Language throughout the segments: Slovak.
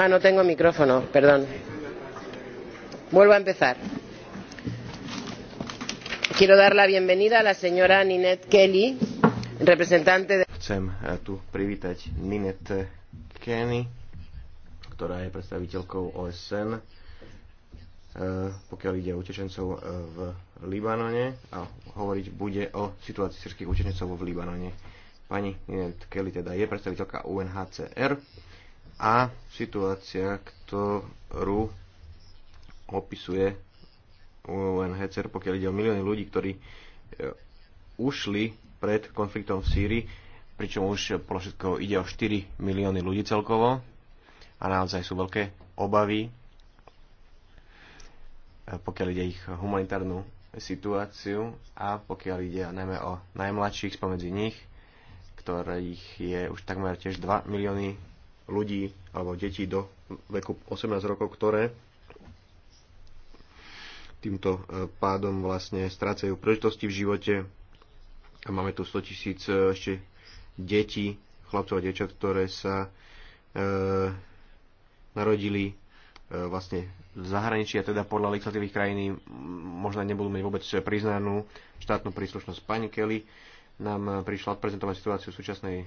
Ah, no tengo micrófono, perdón. Vuelvo a empezar. Quiero dar la bienvenida a la señora Ninette Kelly, representante de... Chcem eh, tu privítať Ninette Kelly, ktorá je predstaviteľkou OSN, eh, pokiaľ ide o utečencov eh, v Libanone a hovoriť bude o situácii syrských utečencov v Libanone. Pani Ninette Kelly teda je predstaviteľka UNHCR a situácia, ktorú opisuje UNHCR, pokiaľ ide o milióny ľudí, ktorí e, ušli pred konfliktom v Sýrii, pričom už podľa všetkého ide o 4 milióny ľudí celkovo a naozaj sú veľké obavy, e, pokiaľ ide ich humanitárnu situáciu a pokiaľ ide najmä o najmladších spomedzi nich, ktorých je už takmer tiež 2 milióny ľudí alebo detí do veku 18 rokov, ktoré týmto e, pádom vlastne strácajú príležitosti v živote. A máme tu 100 tisíc e, ešte detí, chlapcov a dievčat, ktoré sa e, narodili e, vlastne v zahraničí a teda podľa legislatívy krajiny možno nebudú mať vôbec priznanú štátnu príslušnosť. Pani Kelly nám e, prišla prezentovať situáciu súčasnej e,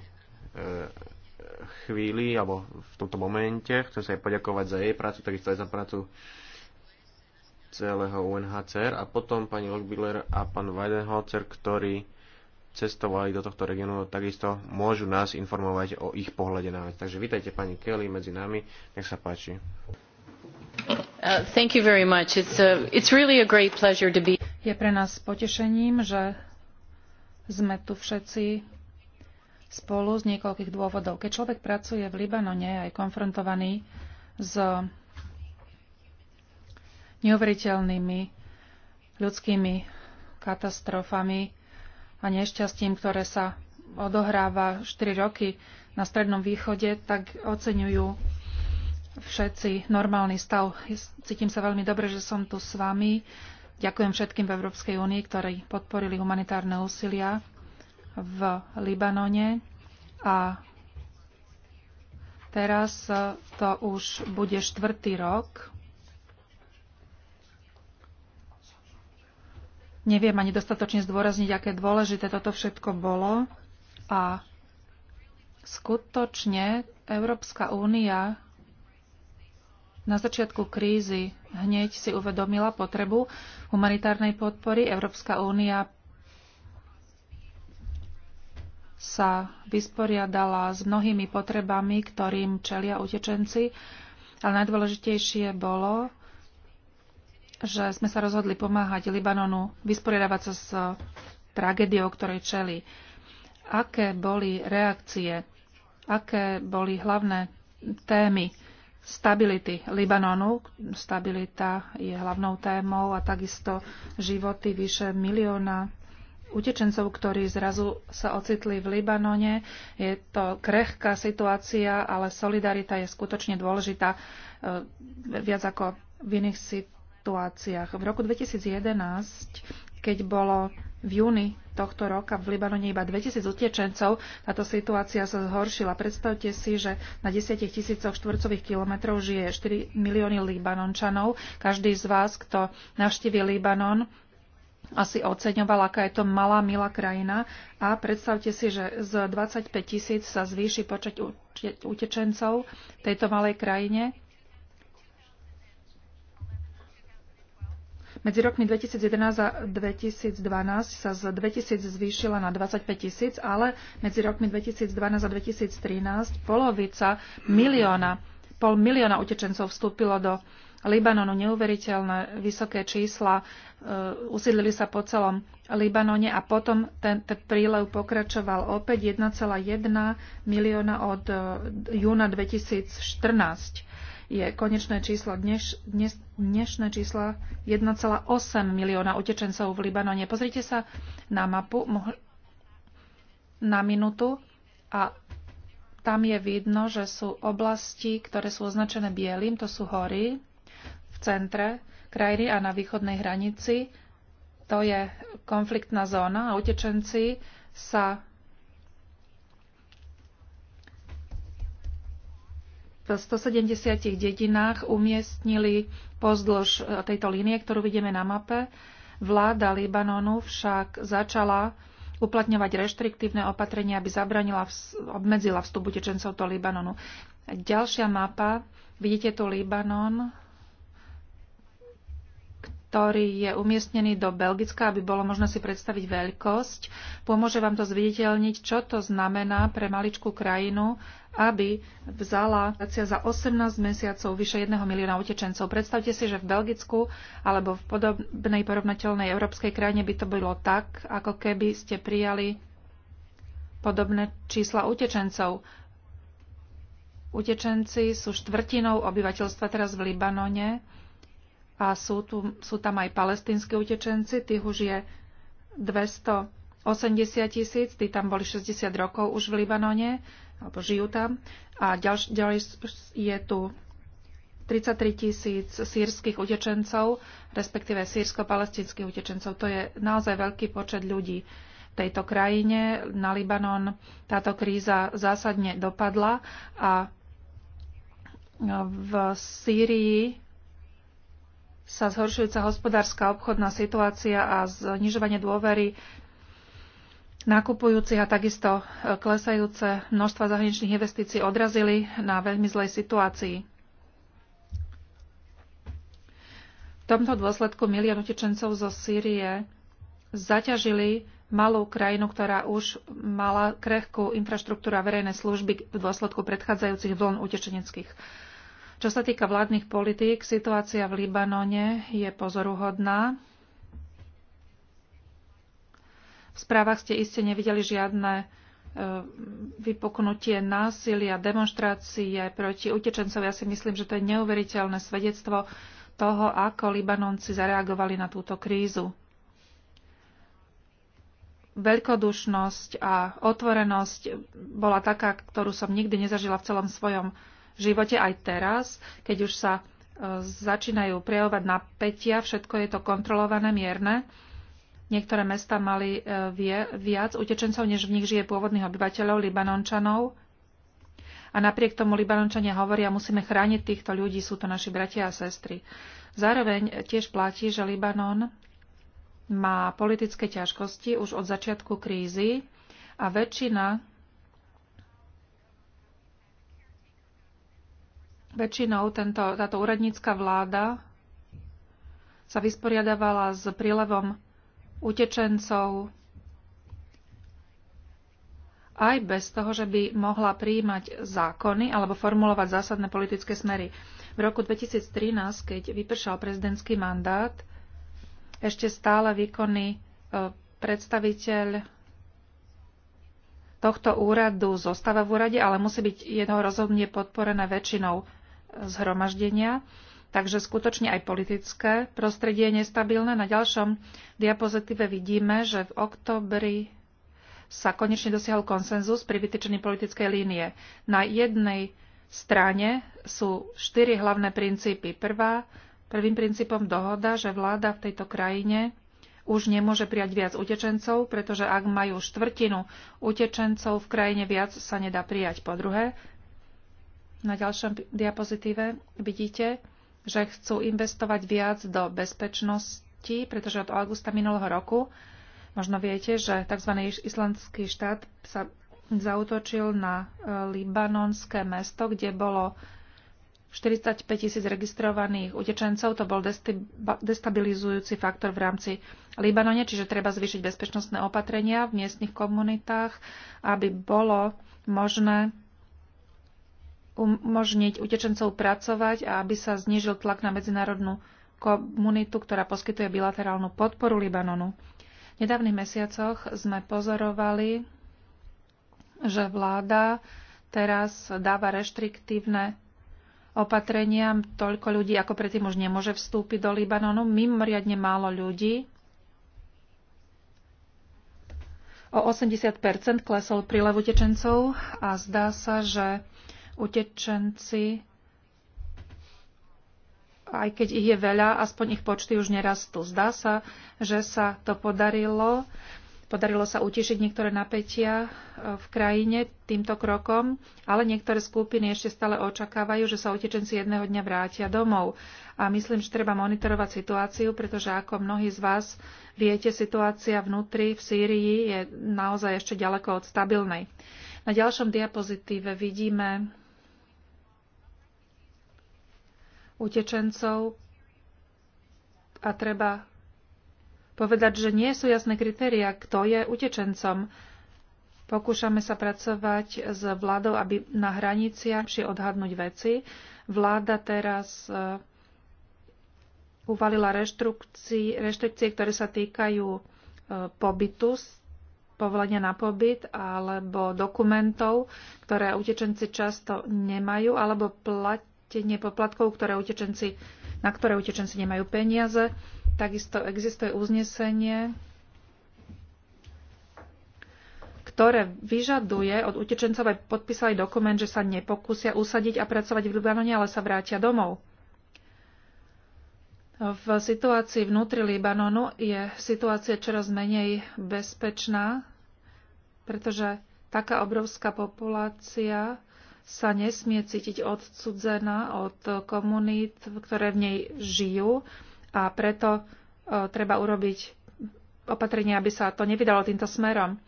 chvíli alebo v tomto momente. Chcem sa jej poďakovať za jej prácu, takisto aj za prácu celého UNHCR a potom pani Lockbiller a pán Weidenholzer, ktorí cestovali do tohto regiónu, takisto môžu nás informovať o ich pohľade na vec. Takže vítajte pani Kelly medzi nami, nech sa páči. Uh, thank you very much. It's, a, uh, it's really a great pleasure to be... Je pre nás potešením, že sme tu všetci spolu z niekoľkých dôvodov. Keď človek pracuje v Libanone a je konfrontovaný s neuveriteľnými ľudskými katastrofami a nešťastím, ktoré sa odohráva 4 roky na Strednom východe, tak oceňujú všetci normálny stav. Cítim sa veľmi dobre, že som tu s vami. Ďakujem všetkým v Európskej únii, ktorí podporili humanitárne úsilia v Libanone a teraz e, to už bude štvrtý rok. Neviem ani dostatočne zdôrazniť, aké dôležité toto všetko bolo a skutočne Európska únia na začiatku krízy hneď si uvedomila potrebu humanitárnej podpory. Európska únia sa vysporiadala s mnohými potrebami, ktorým čelia utečenci, ale najdôležitejšie bolo, že sme sa rozhodli pomáhať Libanonu vysporiadavať sa s tragédiou, ktorej čeli. Aké boli reakcie, aké boli hlavné témy stability Libanonu. Stabilita je hlavnou témou a takisto životy vyše milióna utečencov, ktorí zrazu sa ocitli v Libanone. Je to krehká situácia, ale solidarita je skutočne dôležitá e, viac ako v iných situáciách. V roku 2011, keď bolo v júni tohto roka v Libanone iba 2000 utečencov. Táto situácia sa zhoršila. Predstavte si, že na 10 tisícoch štvorcových kilometrov žije 4 milióny Libanončanov. Každý z vás, kto navštívi Libanon, asi oceňoval, aká je to malá, milá krajina. A predstavte si, že z 25 tisíc sa zvýši počet utečencov tejto malej krajine. Medzi rokmi 2011 a 2012 sa z 2000 zvýšila na 25 tisíc, ale medzi rokmi 2012 a 2013 polovica milióna, pol milióna utečencov vstúpilo do Libanonu. Neuveriteľné vysoké čísla. E, usídlili sa po celom Libanone a potom ten, ten prílev pokračoval opäť 1,1 milióna od e, júna 2014 je konečné číslo dneš, dnes, dnešné číslo 1,8 milióna utečencov v Libanone. Pozrite sa na mapu moh- na minutu a tam je vidno, že sú oblasti, ktoré sú označené bielým, to sú hory, centre krajiny a na východnej hranici. To je konfliktná zóna a utečenci sa v 170 dedinách umiestnili pozdĺž e, tejto línie, ktorú vidíme na mape. Vláda Libanonu však začala uplatňovať reštriktívne opatrenia, aby zabranila, obmedzila vstup utečencov do Libanonu. Ďalšia mapa, vidíte tu Libanon, ktorý je umiestnený do Belgicka, aby bolo možno si predstaviť veľkosť. Pomôže vám to zviditeľniť, čo to znamená pre maličkú krajinu, aby vzala za 18 mesiacov vyše 1 milióna utečencov. Predstavte si, že v Belgicku alebo v podobnej porovnateľnej európskej krajine by to bolo tak, ako keby ste prijali podobné čísla utečencov. Utečenci sú štvrtinou obyvateľstva teraz v Libanone a sú, tu, sú tam aj palestinskí utečenci, tých už je 280 tisíc, tí tam boli 60 rokov už v Libanone, alebo žijú tam. A ďalej ďalej je tu 33 tisíc sírskych utečencov, respektíve sírsko-palestinských utečencov. To je naozaj veľký počet ľudí v tejto krajine. Na Libanon táto kríza zásadne dopadla a v Sýrii sa zhoršujúca hospodárska obchodná situácia a znižovanie dôvery nakupujúcich a takisto e, klesajúce množstva zahraničných investícií odrazili na veľmi zlej situácii. V tomto dôsledku milión utečencov zo Sýrie zaťažili malú krajinu, ktorá už mala krehkú infraštruktúru a verejné služby v dôsledku predchádzajúcich vln utečeneckých čo sa týka vládnych politík, situácia v Libanone je pozoruhodná. V správach ste iste nevideli žiadne e, vypuknutie násilia, demonstrácie proti utečencov. Ja si myslím, že to je neuveriteľné svedectvo toho, ako Libanonci zareagovali na túto krízu. Veľkodušnosť a otvorenosť bola taká, ktorú som nikdy nezažila v celom svojom v živote aj teraz, keď už sa e, začínajú prejavovať napätia, všetko je to kontrolované, mierne. Niektoré mesta mali e, viac utečencov, než v nich žije pôvodných obyvateľov, Libanončanov. A napriek tomu Libanončania hovoria, musíme chrániť týchto ľudí, sú to naši bratia a sestry. Zároveň tiež platí, že Libanon má politické ťažkosti už od začiatku krízy a väčšina Väčšinou tento, táto úradnícka vláda sa vysporiadavala s prílevom utečencov aj bez toho, že by mohla prijímať zákony alebo formulovať zásadné politické smery. V roku 2013, keď vypršal prezidentský mandát, ešte stále výkonný e, predstaviteľ tohto úradu zostáva v úrade, ale musí byť jeho rozhodne podporené väčšinou zhromaždenia. Takže skutočne aj politické prostredie je nestabilné. Na ďalšom diapozitíve vidíme, že v oktobri sa konečne dosiahol konsenzus pri vytýčení politickej línie. Na jednej strane sú štyri hlavné princípy. Prvá, prvým princípom dohoda, že vláda v tejto krajine už nemôže prijať viac utečencov, pretože ak majú štvrtinu utečencov v krajine, viac sa nedá prijať. Po druhé, na ďalšom diapozitíve vidíte, že chcú investovať viac do bezpečnosti, pretože od augusta minulého roku možno viete, že tzv. islandský štát sa zautočil na e, libanonské mesto, kde bolo 45 tisíc registrovaných utečencov. To bol destabilizujúci faktor v rámci Libanone, čiže treba zvýšiť bezpečnostné opatrenia v miestnych komunitách, aby bolo možné umožniť utečencov pracovať a aby sa znížil tlak na medzinárodnú komunitu, ktorá poskytuje bilaterálnu podporu Libanonu. V nedávnych mesiacoch sme pozorovali, že vláda teraz dáva reštriktívne opatrenia. Toľko ľudí, ako predtým už nemôže vstúpiť do Libanonu. Mimoriadne málo ľudí. O 80 klesol prílev utečencov a zdá sa, že utečenci, aj keď ich je veľa, aspoň ich počty už nerastú. Zdá sa, že sa to podarilo. Podarilo sa utišiť niektoré napätia e, v krajine týmto krokom, ale niektoré skupiny ešte stále očakávajú, že sa utečenci jedného dňa vrátia domov. A myslím, že treba monitorovať situáciu, pretože ako mnohí z vás viete, situácia vnútri v Sýrii je naozaj ešte ďaleko od stabilnej. Na ďalšom diapozitíve vidíme utečencov a treba povedať, že nie sú jasné kritéria, kto je utečencom. Pokúšame sa pracovať s vládou, aby na hraniciach si odhadnúť veci. Vláda teraz e, uvalila reštrikcie, ktoré sa týkajú e, pobytu, povolenia na pobyt alebo dokumentov, ktoré utečenci často nemajú, alebo platia platenie poplatkov, ktoré utečenci, na ktoré utečenci nemajú peniaze. Takisto existuje uznesenie, ktoré vyžaduje od utečencov, aby podpísali dokument, že sa nepokúsia usadiť a pracovať v Libanone, ale sa vrátia domov. V situácii vnútri Libanonu je situácia čoraz menej bezpečná, pretože taká obrovská populácia sa nesmie cítiť odcudzená od komunít, ktoré v nej žijú a preto e, treba urobiť opatrenie, aby sa to nevydalo týmto smerom.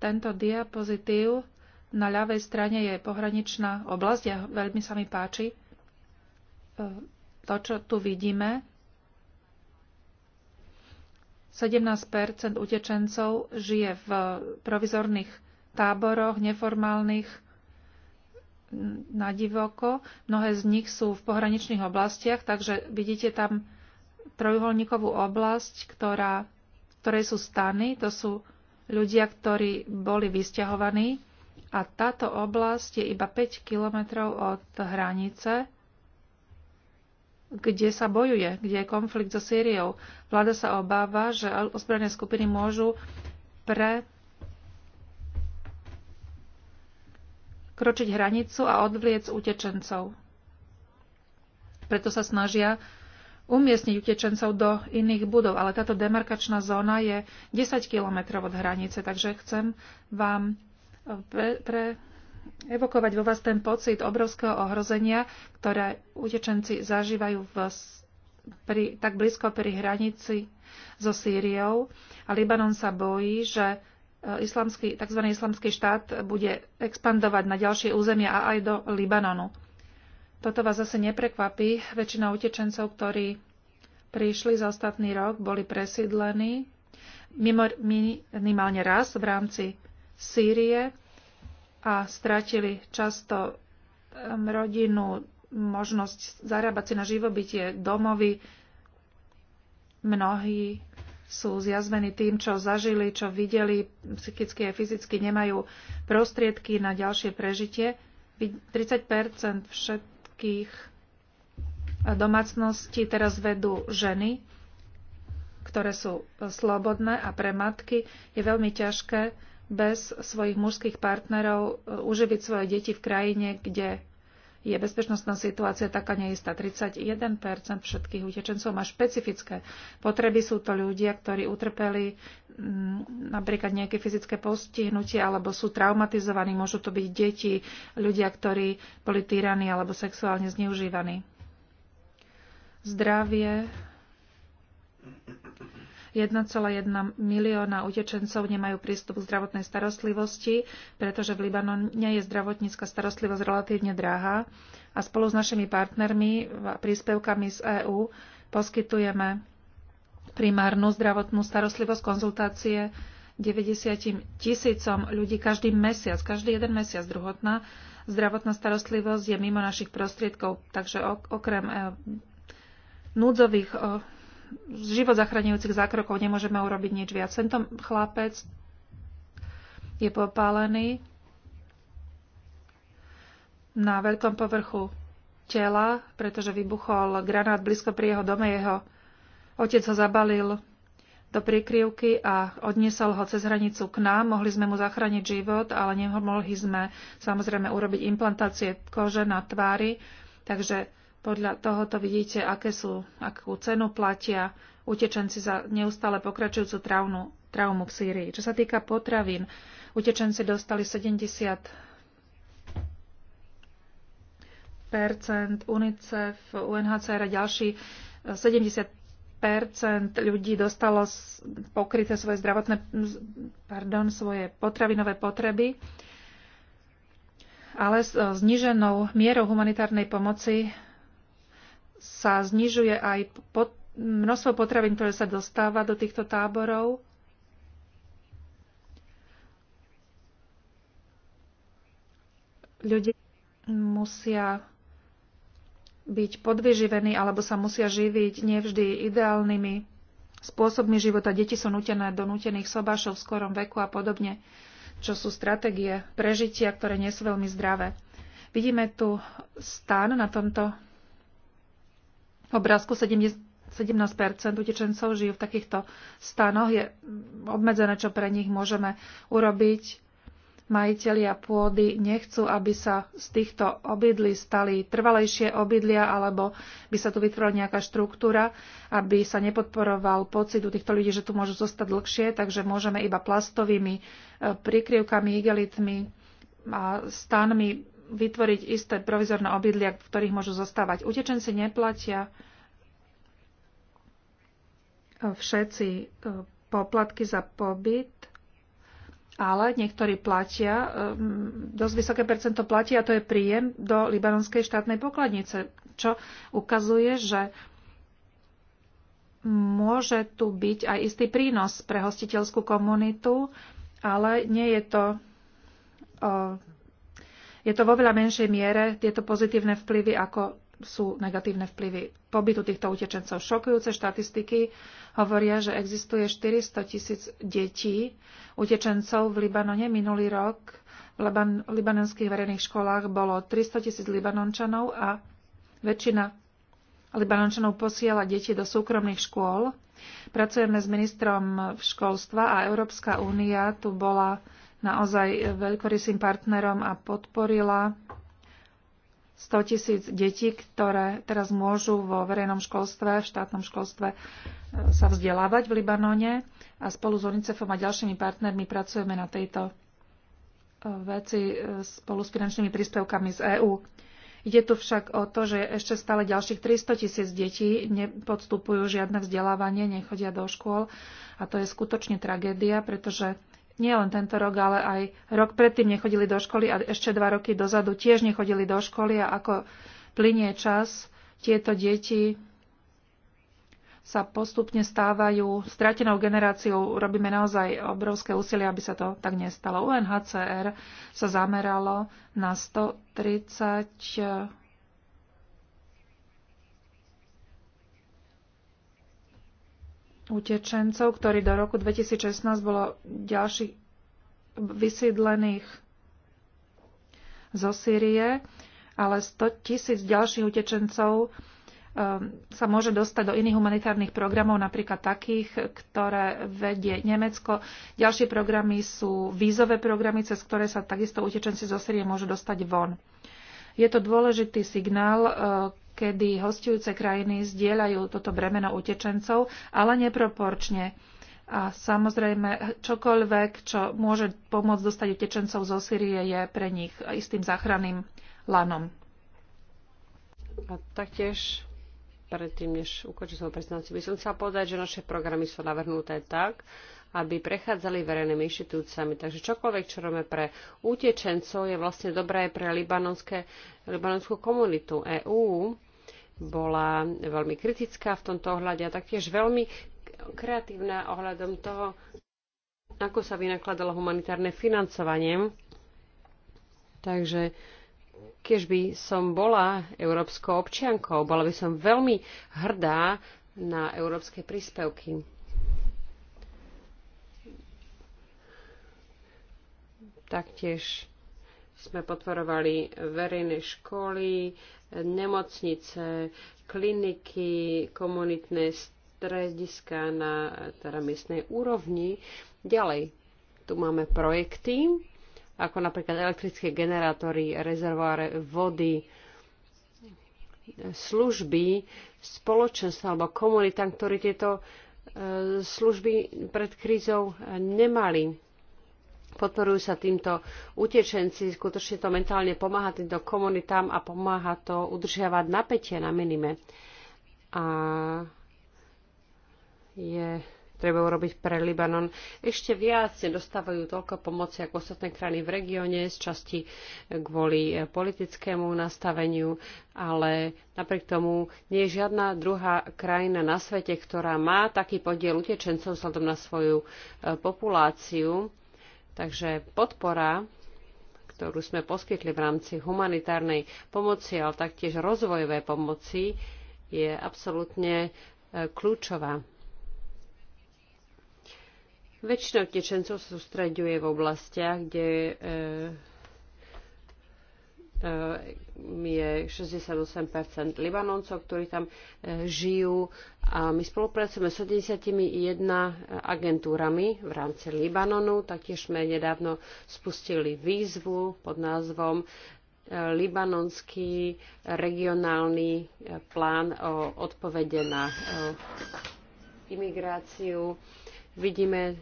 Tento diapozitív na ľavej strane je pohraničná oblasť a veľmi sa mi páči e, to, čo tu vidíme. 17 utečencov žije v provizorných táboroch, neformálnych na divoko. Mnohé z nich sú v pohraničných oblastiach, takže vidíte tam trojuholníkovú oblasť, ktorá, ktorej sú stany, to sú ľudia, ktorí boli vysťahovaní a táto oblasť je iba 5 kilometrov od hranice, kde sa bojuje, kde je konflikt so Sýriou. Vláda sa obáva, že ozbrojené skupiny môžu pre prekročiť hranicu a odvliec utečencov. Preto sa snažia umiestniť utečencov do iných budov, ale táto demarkačná zóna je 10 kilometrov od hranice, takže chcem vám eh, pre, pre evokovať vo vás ten pocit obrovského ohrozenia, ktoré utečenci zažívajú v, pri, tak blízko pri hranici so Sýriou. A Libanon sa bojí, že islamský, tzv. islamský štát bude expandovať na ďalšie územia a aj do Libanonu. Toto vás zase neprekvapí. Väčšina utečencov, ktorí prišli za ostatný rok, boli presídlení minimálne raz v rámci Sýrie a stratili často rodinu, možnosť zarábať si na živobytie, domovy. Mnohí sú zjazvení tým, čo zažili, čo videli, psychicky a fyzicky nemajú prostriedky na ďalšie prežitie. 30 všetkých domácností teraz vedú ženy, ktoré sú slobodné a pre matky je veľmi ťažké bez svojich mužských partnerov eh, uživiť svoje deti v krajine, kde je bezpečnostná situácia taká neistá. 31% všetkých utečencov má špecifické potreby. Sú to ľudia, ktorí utrpeli mm, napríklad nejaké fyzické postihnutie alebo sú traumatizovaní. Môžu to byť deti, ľudia, ktorí boli týraní alebo sexuálne zneužívaní. Zdravie 1,1 milióna utečencov nemajú prístup k zdravotnej starostlivosti, pretože v Libanone je zdravotnícka starostlivosť relatívne drahá a spolu s našimi partnermi a príspevkami z EÚ poskytujeme primárnu zdravotnú starostlivosť, konzultácie 90 tisícom ľudí každý mesiac, každý jeden mesiac druhotná. Zdravotná starostlivosť je mimo našich prostriedkov, takže okrem e, núdzových z život zachraňujúcich zákrokov nemôžeme urobiť nič viac. Tento chlapec je popálený na veľkom povrchu tela, pretože vybuchol granát blízko pri jeho dome. Jeho otec ho zabalil do prikryvky a odniesol ho cez hranicu k nám. Mohli sme mu zachrániť život, ale nemohli sme samozrejme urobiť implantácie kože na tvári. Takže podľa tohoto vidíte, aké sú, akú cenu platia utečenci za neustále pokračujúcu traumu, traumu v Sýrii. Čo sa týka potravín, utečenci dostali 70 UNICEF, UNHCR a ďalší 70 eh, ľudí dostalo pokryté svoje zdravotné, pardon, svoje potravinové potreby ale s eh, zníženou mierou humanitárnej pomoci sa znižuje aj pod, množstvo potravín, ktoré sa dostáva do týchto táborov. Ľudia musia byť podvyživení alebo sa musia živiť nevždy ideálnymi spôsobmi života. Deti sú nutené do nutených sobášov v skorom veku a podobne, čo sú stratégie prežitia, ktoré nie sú veľmi zdravé. Vidíme tu stan na tomto v obrázku 70, 17 utečencov žijú v takýchto stanoch. Je obmedzené, čo pre nich môžeme urobiť. Majitelia pôdy nechcú, aby sa z týchto obydlí stali trvalejšie obydlia, alebo by sa tu vytvorila nejaká štruktúra, aby sa nepodporoval pocit u týchto ľudí, že tu môžu zostať dlhšie, takže môžeme iba plastovými eh, prikryvkami, igelitmi a stanmi vytvoriť isté provizorné obydlia, v ktorých môžu zostávať. Utečenci neplatia e, všetci e, poplatky za pobyt, ale niektorí platia, e, dosť vysoké percento platia, a to je príjem do libanonskej štátnej pokladnice, čo ukazuje, že môže tu byť aj istý prínos pre hostiteľskú komunitu, ale nie je to je to vo veľa menšej miere tieto pozitívne vplyvy, ako sú negatívne vplyvy pobytu týchto utečencov. Šokujúce štatistiky hovoria, že existuje 400 tisíc detí utečencov v Libanone. Minulý rok v Liban- libanonských verejných školách bolo 300 tisíc libanončanov a väčšina libanončanov posiela deti do súkromných škôl. Pracujeme s ministrom školstva a Európska únia tu bola naozaj veľkorysým partnerom a podporila 100 tisíc detí, ktoré teraz môžu vo verejnom školstve, v štátnom školstve e, sa vzdelávať v Libanone a spolu s UNICEFom a ďalšími partnermi pracujeme na tejto e, veci e, spolu s finančnými príspevkami z EÚ. Ide tu však o to, že ešte stále ďalších 300 tisíc detí nepodstupujú žiadne vzdelávanie, nechodia do škôl a to je skutočne tragédia, pretože nielen tento rok, ale aj rok predtým nechodili do školy a ešte dva roky dozadu tiež nechodili do školy a ako plinie čas, tieto deti sa postupne stávajú stratenou generáciou. Robíme naozaj obrovské úsilie, aby sa to tak nestalo. UNHCR sa zameralo na 130 utečencov, ktorí do roku 2016 bolo ďalších vysídlených zo Sýrie, ale 100 tisíc ďalších utečencov um, sa môže dostať do iných humanitárnych programov, napríklad takých, ktoré vedie Nemecko. Ďalšie programy sú vízové programy, cez ktoré sa takisto utečenci zo Syrie môžu dostať von. Je to dôležitý signál, uh, kedy hostujúce krajiny zdieľajú toto bremeno utečencov, ale neproporčne. A samozrejme, čokoľvek, čo môže pomôcť dostať utečencov zo Syrie, je pre nich istým záchranným lanom. A taktiež, predtým, než ukončím svoju prezentáciu, by som chcela povedať, že naše programy sú navrhnuté tak, aby prechádzali verejnými inštitúciami. Takže čokoľvek, čo robíme pre utečencov, je vlastne dobré aj pre libanonské, libanonskú komunitu. EÚ bola veľmi kritická v tomto ohľade a taktiež veľmi kreatívna ohľadom toho, ako sa vynakladalo humanitárne financovanie. Takže keď by som bola európskou občiankou, bola by som veľmi hrdá na európske príspevky. Taktiež sme podporovali verejné školy, nemocnice, kliniky, komunitné strediska na teda miestnej úrovni. Ďalej, tu máme projekty, ako napríklad elektrické generátory, rezervoáre vody, služby spoločenstva alebo komunitám, ktorí tieto e, služby pred krízou e, nemali podporujú sa týmto utečenci, skutočne to mentálne pomáha týmto komunitám a pomáha to udržiavať napätie na minime. A je treba urobiť pre Libanon. Ešte viac nedostávajú toľko pomoci ako ostatné krajiny v regióne, z časti kvôli eh, politickému nastaveniu, ale napriek tomu nie je žiadna druhá krajina na svete, ktorá má taký podiel utečencov vzhľadom na svoju eh, populáciu Takže podpora, ktorú sme poskytli v rámci humanitárnej pomoci, ale taktiež rozvojovej pomoci, je absolútne e, kľúčová. Väčšina utečencov sa sústreďuje v oblastiach, kde e, Ehm, je 68% Libanoncov, ktorí tam ehm, žijú a my spolupracujeme s 71 agentúrami v rámci Libanonu. Taktiež sme nedávno spustili výzvu pod názvom ehm, libanonský regionálny plán o odpovede na imigráciu. Vidíme,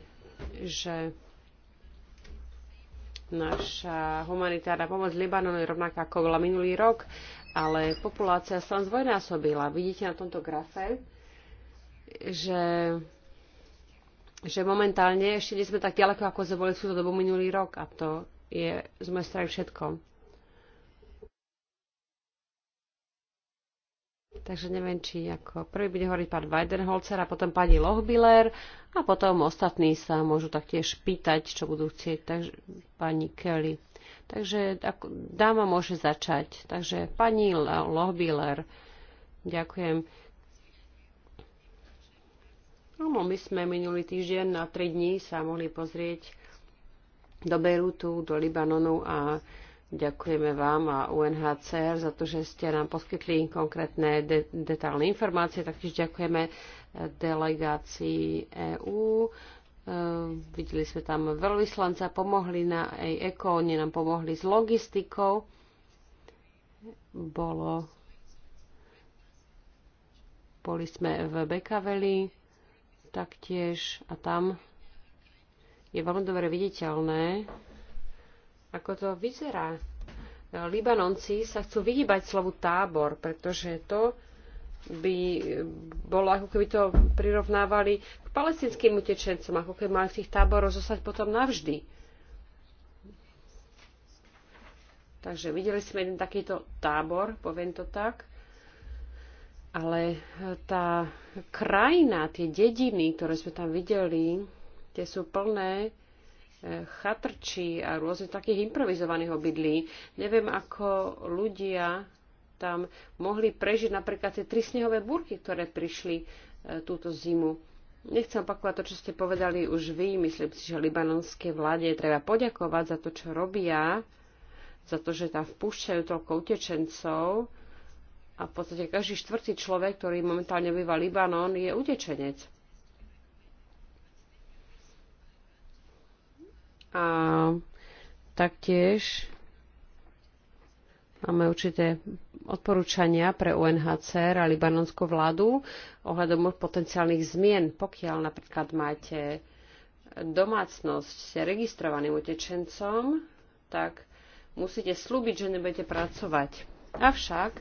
že Naša humanitárna pomoc Libanonu je rovnaká ako bola minulý rok, ale populácia sa zvojnásobila. Vidíte na tomto grafe, že že momentálne ešte nie sme tak ďaleko, ako sme boli v dobu minulý rok a to je z mojej strany všetko. Takže neviem, či ako prvý bude hovoriť pán Weidenholzer a potom pani Lochbiller a potom ostatní sa môžu taktiež pýtať, čo budú chcieť. Takže pani Kelly. Takže ako, dáma môže začať. Takže pani Lochbiller. Ďakujem. No, my sme minulý týždeň na 3 dní sa mohli pozrieť do Beirutu, do Libanonu a Ďakujeme vám a UNHCR za to, že ste nám poskytli konkrétne de- detálne informácie. Taktiež ďakujeme eh, delegácii EÚ. Eh, videli sme tam veľvyslanca, pomohli na aj e ECO, oni nám pomohli s logistikou. Bolo... Boli sme v Bekaveli taktiež a tam je veľmi dobre viditeľné, ako to vyzerá. Libanonci sa chcú vyhýbať slovu tábor, pretože to by bolo, ako keby to prirovnávali k palestinským utečencom, ako keby mali v tých táboroch zostať potom navždy. Takže videli sme jeden takýto tábor, poviem to tak, ale tá krajina, tie dediny, ktoré sme tam videli, tie sú plné chatrčí a rôznych takých improvizovaných obydlí. Neviem, ako ľudia tam mohli prežiť napríklad tie tri snehové búrky, ktoré prišli e, túto zimu. Nechcem opakovať to, čo ste povedali už vy. Myslím si, že libanonské vláde treba poďakovať za to, čo robia, za to, že tam vpúšťajú toľko utečencov. A v podstate každý štvrtý človek, ktorý momentálne býva Libanon, je utečenec. a taktiež máme určité odporúčania pre UNHCR a libanonskú vládu ohľadom potenciálnych zmien, pokiaľ napríklad máte domácnosť s registrovaným utečencom, tak musíte slúbiť, že nebudete pracovať. Avšak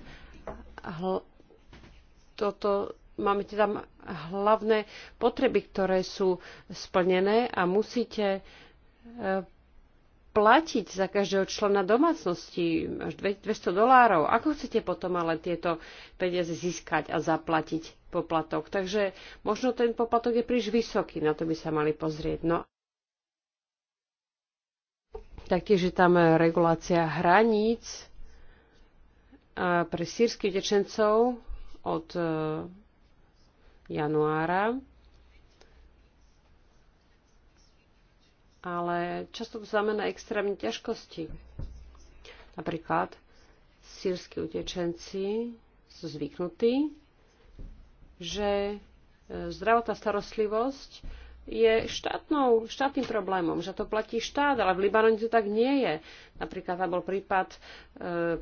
toto, máme tam hlavné potreby, ktoré sú splnené a musíte uh, platiť za každého člena domácnosti až 200 dolárov. Ako chcete potom ale tieto peniaze získať a zaplatiť poplatok? Takže možno ten poplatok je príliš vysoký, na to by sa mali pozrieť. No. Taktiež je tam regulácia hraníc pre sírskych utečencov od eh, januára ale často to znamená extrémne ťažkosti. Napríklad sírsky utečenci sú zvyknutí, že e, zdravotná starostlivosť je štátnou, štátnym problémom, že to platí štát, ale v Libanone to tak nie je. Napríklad tam bol prípad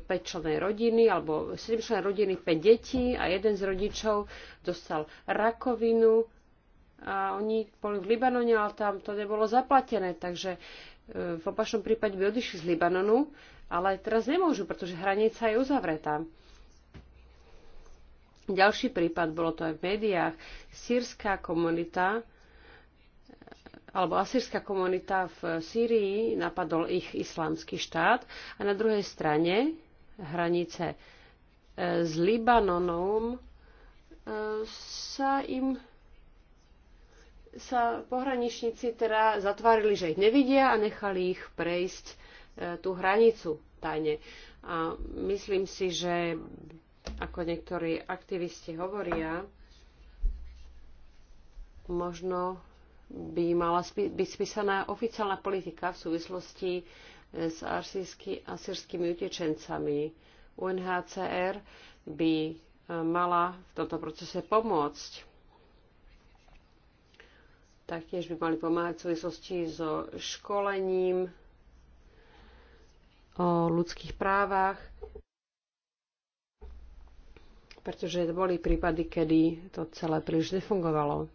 e, 5 člennej rodiny alebo 7 člennej rodiny, 5 detí a jeden z rodičov dostal rakovinu a oni boli v Libanone, ale tam to nebolo zaplatené, takže e, v opačnom prípade by odišli z Libanonu, ale teraz nemôžu, pretože hranica je uzavretá. Ďalší prípad, bolo to aj v médiách, sírska komunita, alebo asýrska komunita v Sýrii napadol ich islamský štát a na druhej strane hranice e, s Libanonom e, sa im sa pohraničníci teda zatvárili, že ich nevidia a nechali ich prejsť e, tú hranicu tajne. A myslím si, že ako niektorí aktivisti hovoria, možno by mala byť spísaná oficiálna politika v súvislosti e, s asýrskymi utečencami. UNHCR by e, mala v tomto procese pomôcť Taktiež by mali pomáhať v súvislosti so školením o ľudských právach, pretože boli prípady, kedy to celé príliš nefungovalo.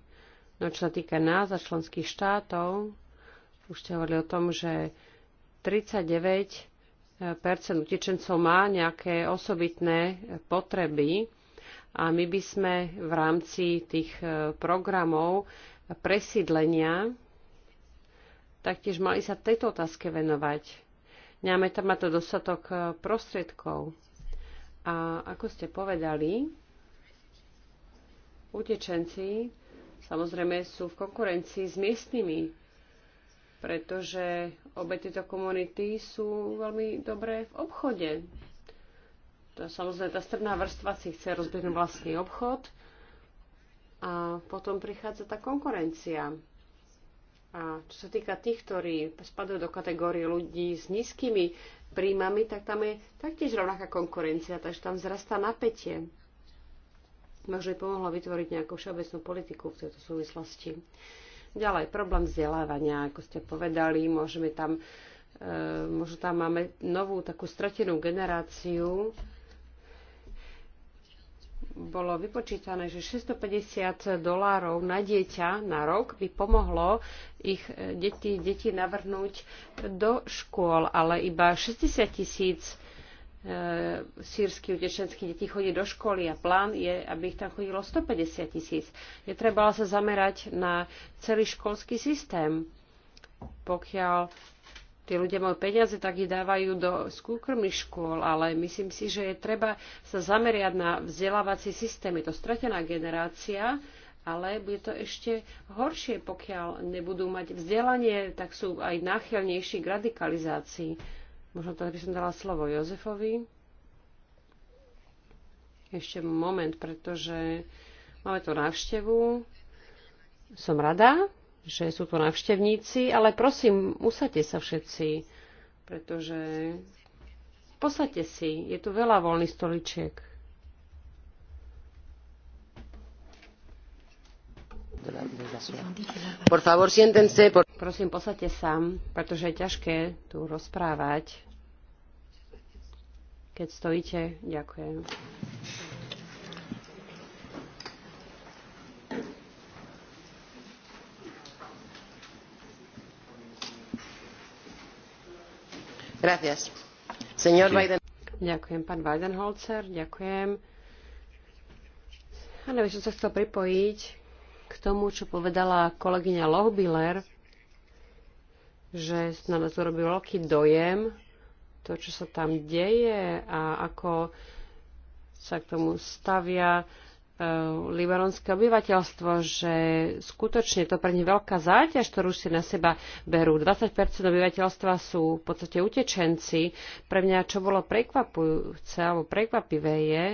No čo sa týka nás a členských štátov, už ste hovorili o tom, že 39 utečencov má nejaké osobitné potreby a my by sme v rámci tých eh, programov presídlenia, taktiež mali sa tejto otázke venovať. Nemáme tam na to dostatok e, prostriedkov. A ako ste povedali, utečenci samozrejme sú v konkurencii s miestnymi, pretože obe tieto komunity sú veľmi dobré v obchode. To, samozrejme, tá stredná vrstva si chce rozbehnúť vlastný obchod a potom prichádza tá konkurencia. A čo sa týka tých, ktorí spadajú do kategórie ľudí s nízkymi príjmami, tak tam je taktiež rovnaká konkurencia, takže tam vzrastá napätie. Možno by pomohlo vytvoriť nejakú všeobecnú politiku v tejto súvislosti. Ďalej, problém vzdelávania, ako ste povedali, môžeme tam, e, možno tam máme novú takú stratenú generáciu, bolo vypočítané, že 650 dolárov na dieťa na rok by pomohlo ich e, deti, deti navrhnúť do škôl, ale iba 60 tisíc e, sírskych utečenských detí chodí do školy a plán je, aby ich tam chodilo 150 tisíc. Je treba sa zamerať na celý školský systém. Pokiaľ tí ľudia majú peniaze, tak ich dávajú do súkromných škôl, ale myslím si, že je treba sa zameriať na vzdelávací systém. Je to stratená generácia, ale bude to ešte horšie, pokiaľ nebudú mať vzdelanie, tak sú aj náchylnejší k radikalizácii. Možno tak by som dala slovo Jozefovi. Ešte moment, pretože máme tu návštevu. Som rada, že sú to návštevníci, ale prosím, usadte sa všetci, pretože posadte si, je tu veľa voľných stoličiek. Por favor, siéntense. Por... Prosím, posadte sa, pretože je ťažké tu rozprávať. Keď stojíte, ďakujem. Ďakujem, pán Weidenholzer, ďakujem. A by som sa chcel pripojiť k tomu, čo povedala kolegyňa Lohbiller, že na nás urobil veľký dojem to, čo sa tam deje a ako sa k tomu stavia Eh, libanonské obyvateľstvo, že skutočne to pre ne veľká záťaž, ktorú si na seba berú. 20 obyvateľstva sú v podstate utečenci. Pre mňa, čo bolo prekvapujúce alebo prekvapivé je,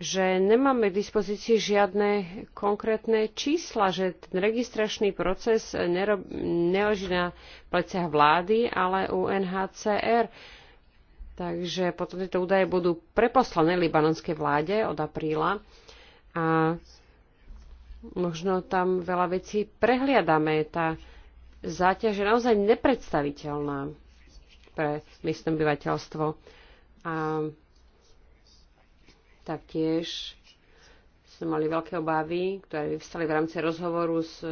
že nemáme k dispozícii žiadne konkrétne čísla, že ten registračný proces nerob, neleží na pleciach vlády, ale u NHCR. Takže potom tieto údaje budú preposlané libanonskej vláde od apríla a možno tam veľa vecí prehliadame. Tá záťaž je naozaj nepredstaviteľná pre miestne obyvateľstvo. A taktiež sme mali veľké obavy, ktoré vyvstali v rámci rozhovoru s e,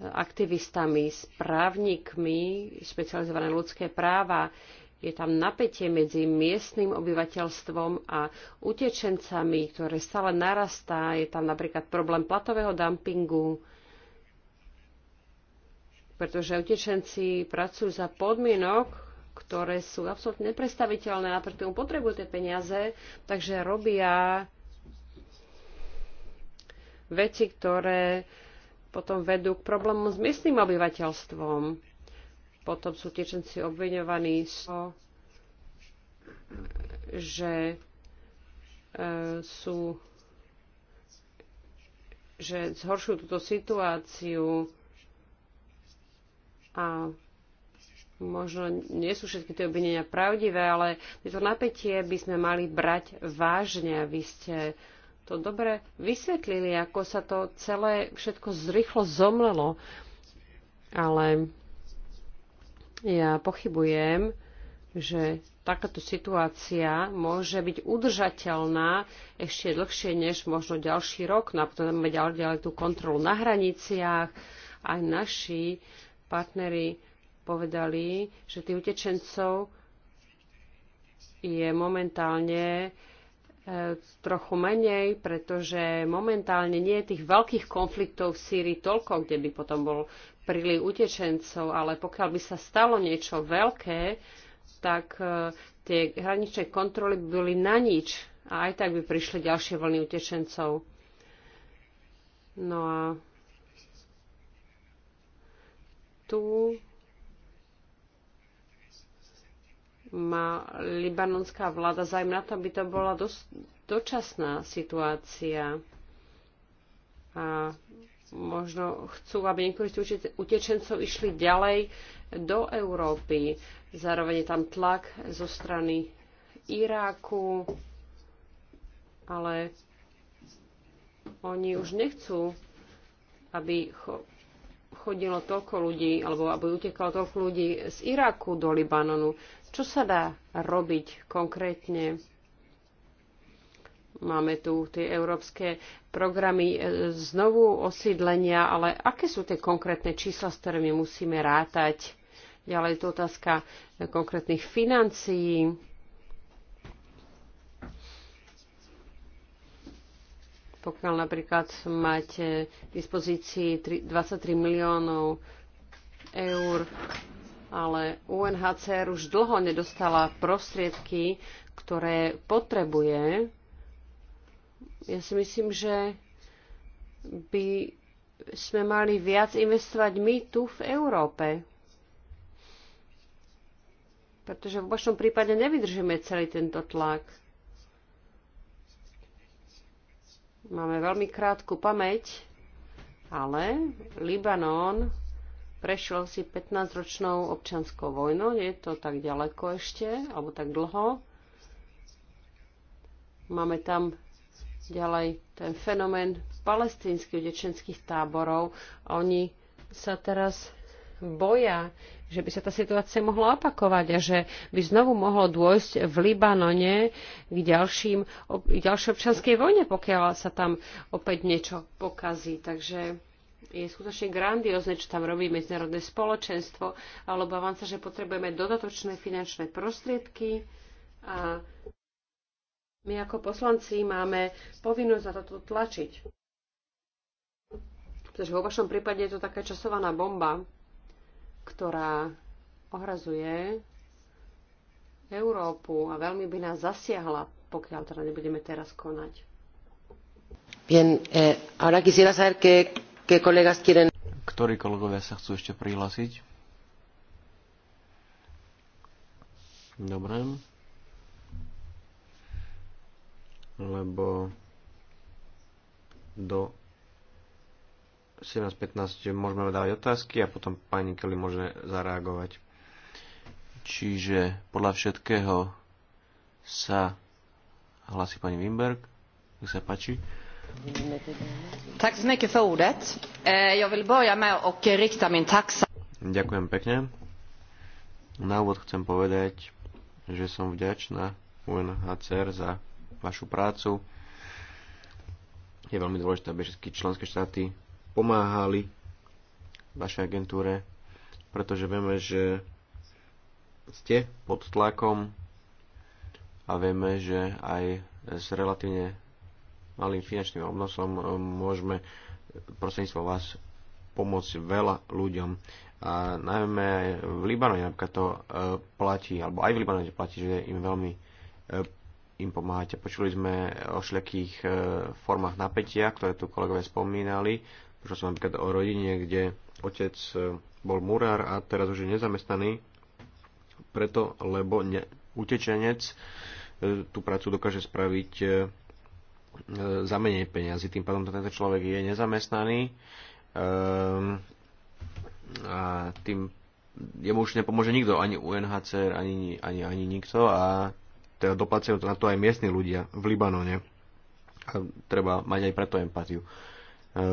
aktivistami, s právnikmi, špecializované ľudské práva je tam napätie medzi miestnym obyvateľstvom a utečencami, ktoré stále narastá. Je tam napríklad problém platového dumpingu, pretože utečenci pracujú za podmienok, ktoré sú absolútne neprestaviteľné a preto potrebujú tie peniaze, takže robia veci, ktoré potom vedú k problémom s miestnym obyvateľstvom potom sú tečenci obviňovaní z toho, že e, sú že zhoršujú túto situáciu a možno nie sú všetky tie obvinenia pravdivé, ale to napätie by sme mali brať vážne. aby ste to dobre vysvetlili, ako sa to celé všetko zrychlo zomlelo. Ale ja pochybujem, že takáto situácia môže byť udržateľná ešte dlhšie než možno ďalší rok. No a potom máme ďalej, ďalej tú kontrolu na hraniciach. Aj naši partneri povedali, že tých utečencov je momentálne e, trochu menej, pretože momentálne nie je tých veľkých konfliktov v Sýrii toľko, kde by potom bol príliv utečencov, ale pokiaľ by sa stalo niečo veľké, tak e, tie hraničné kontroly by boli na nič a aj tak by prišli ďalšie vlny utečencov. No a tu má libanonská vláda zájem na to, aby to bola dosť dočasná situácia. A možno chcú, aby niektorí z utečencov išli ďalej do Európy. Zároveň je tam tlak zo strany Iráku, ale oni už nechcú, aby chodilo toľko ľudí, alebo aby utekalo toľko ľudí z Iraku do Libanonu. Čo sa dá robiť konkrétne? Máme tu tie európske programy e, znovu osídlenia, ale aké sú tie konkrétne čísla, s ktorými musíme rátať? Ďalej je tu otázka e, konkrétnych financií. Pokiaľ napríklad máte v dispozícii 23 miliónov eur, ale UNHCR už dlho nedostala prostriedky, ktoré potrebuje ja si myslím, že by sme mali viac investovať my tu v Európe. Pretože v vašom prípade nevydržíme celý tento tlak. Máme veľmi krátku pamäť, ale Libanon prešiel si 15-ročnou občanskou vojnou, nie je to tak ďaleko ešte, alebo tak dlho. Máme tam ďalej ten fenomén palestínskych dečenských táborov. Oni sa teraz boja, že by sa tá situácia mohla opakovať a že by znovu mohlo dôjsť v Libanone k, ďalším, k ďalšej občanskej vojne, pokiaľ sa tam opäť niečo pokazí. Takže je skutočne grandiózne, čo tam robí medzinárodné spoločenstvo, ale obávam sa, že potrebujeme dodatočné finančné prostriedky a my ako poslanci máme povinnosť na toto tlačiť. Pretože vo vašom prípade je to taká časovaná bomba, ktorá ohrazuje Európu a veľmi by nás zasiahla, pokiaľ teda nebudeme teraz konať. Bien, eh, ahora quisiera saber que, que colegas quieren... Ktorí kolegovia sa chcú ešte prihlásiť? Dobre. lebo do 17.15 môžeme dávať otázky a potom pani Kelly môže zareagovať. Čiže podľa všetkého sa hlasí pani Wimberg. Nech sa páči. Eh, min taxa. Ďakujem pekne. Na úvod chcem povedať, že som vďačná UNHCR za vašu prácu. Je veľmi dôležité, aby všetky členské štáty pomáhali vašej agentúre, pretože vieme, že ste pod tlakom a vieme, že aj s relatívne malým finančným obnosom eh, môžeme prostredníctvom vás pomôcť veľa ľuďom. A najmä aj v Libanone napríklad to eh, platí, alebo aj v Libanone platí, že im veľmi eh, im pomáhate. Počuli sme o všelijakých e, formách napätia, ktoré tu kolegovia spomínali. Počul som napríklad o rodine, kde otec e, bol murár a teraz už je nezamestnaný, preto lebo ne, utečenec e, tú prácu dokáže spraviť za menej peniazy. Tým pádom tento človek je nezamestnaný ehm, a tým jemu už nepomôže nikto, ani UNHCR, ani, ani, ani nikto a teda doplacajú na to aj miestni ľudia v Libanone. A treba mať aj preto empatiu. E,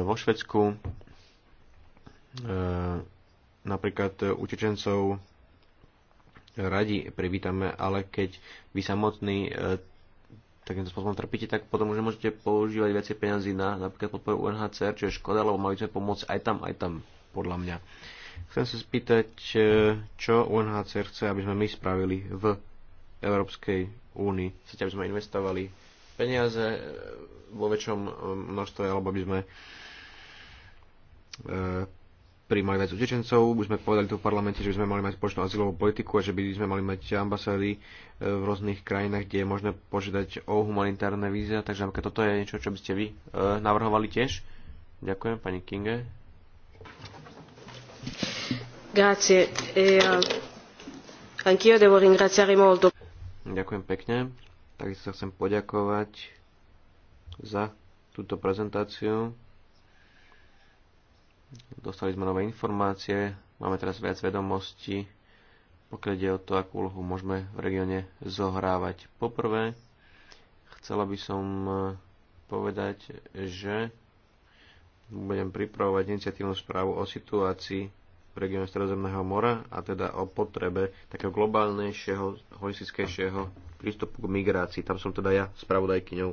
vo Švedsku e, napríklad utečencov radi privítame, ale keď vy samotný e, takýmto spôsobom trpíte, tak potom už môžete používať viacej peniazy na napríklad podporu UNHCR, čo je škoda, lebo mali sme pomôcť aj tam, aj tam, podľa mňa. Chcem sa spýtať, čo UNHCR chce, aby sme my spravili v Európskej únii. Chcete, aby sme investovali peniaze eh, vo väčšom eh, množstve, alebo by sme eh, príjmali viac utečencov. Už sme povedali tu v parlamente, že by sme mali mať spoločnú azylovú politiku a že by sme mali mať ambasády v rôznych krajinách, kde je možné požiadať o humanitárne víza. Takže napríklad toto je niečo, čo by ste vy navrhovali tiež. Ďakujem, pani Kinge. Grazie. E, uh, anch'io devo ringraziare molto. Ďakujem pekne. Takisto sa chcem poďakovať za túto prezentáciu. Dostali sme nové informácie, máme teraz viac vedomostí, pokiaľ ide o to, akú úlohu môžeme v regióne zohrávať. Poprvé, chcela by som e, povedať, že budem pripravovať iniciatívnu správu o situácii regióne Stredozemného mora a teda o potrebe takého globálnejšieho, holistickejšieho prístupu k migrácii. Tam som teda ja spravodajkyňou.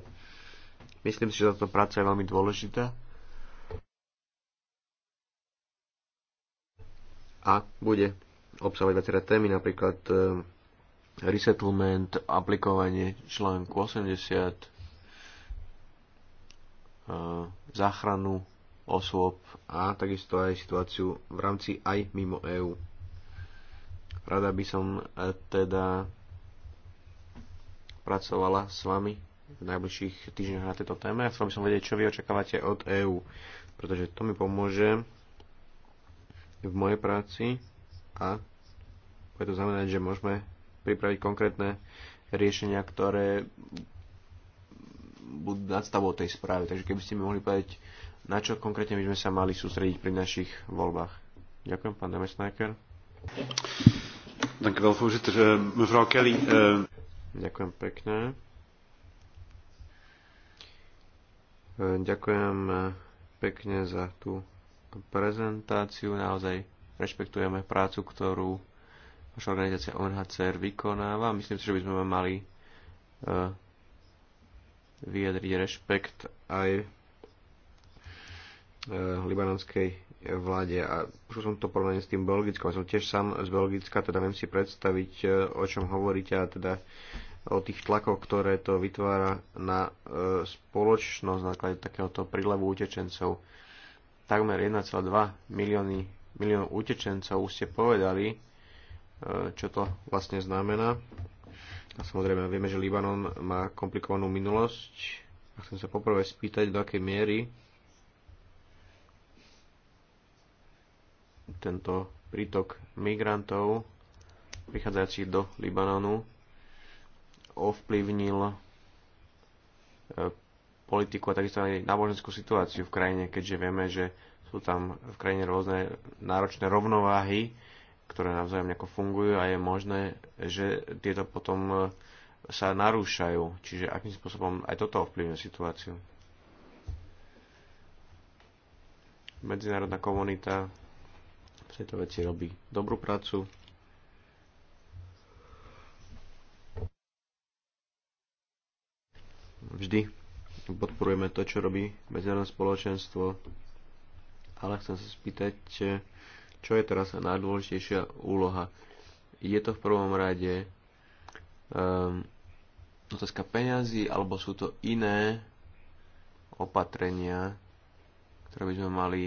Myslím si, že táto práca je veľmi dôležitá. A bude obsahovať viaceré témy, napríklad e, resettlement, aplikovanie článku 80, e, záchranu osôb a takisto aj situáciu v rámci aj mimo EÚ. Rada by som e, teda pracovala s vami v najbližších týždňoch na tejto téme a chcel by som vedieť, čo vy očakávate od EÚ, pretože to mi pomôže v mojej práci a bude to znamenať, že môžeme pripraviť konkrétne riešenia, ktoré budú nadstavou tej správy. Takže keby ste mi mohli povedať, na čo konkrétne by sme sa mali sústrediť pri našich voľbách. Ďakujem, pán Demesnaker. Dank u wel, voorzitter. Eh, mevrouw Kelly. Eh, ďakujem pekne. Eh, ďakujem pekne za tú prezentáciu. Naozaj rešpektujeme prácu, ktorú naša organizácia ONHCR vykonáva. Myslím si, že by sme mali vyjadriť rešpekt aj Eh, libanonskej vláde. A počul som to porovnanie s tým Belgickom. Som tiež sám z Belgicka, teda viem si predstaviť, eh, o čom hovoríte a teda o tých tlakoch, ktoré to vytvára na eh, spoločnosť na základe takéhoto prílevu utečencov. Takmer 1,2 milióny milión utečencov, už ste povedali, čo to vlastne znamená. A samozrejme, vieme, že Libanon má komplikovanú minulosť. A chcem sa poprvé spýtať, do akej miery tento prítok migrantov prichádzajúcich do Libanonu ovplyvnil e, politiku a takisto aj náboženskú situáciu v krajine, keďže vieme, že sú tam v krajine rôzne náročné rovnováhy, ktoré navzájom nejako fungujú a je možné, že tieto potom e, sa narúšajú. Čiže akým spôsobom aj toto ovplyvňuje situáciu. Medzinárodná komunita tejto veci robí dobrú prácu. Vždy podporujeme to, čo robí medzinárodné spoločenstvo, ale chcem sa spýtať, čo je teraz najdôležitejšia úloha. Je to v prvom rade um, otázka peňazí, alebo sú to iné opatrenia, ktoré by sme mali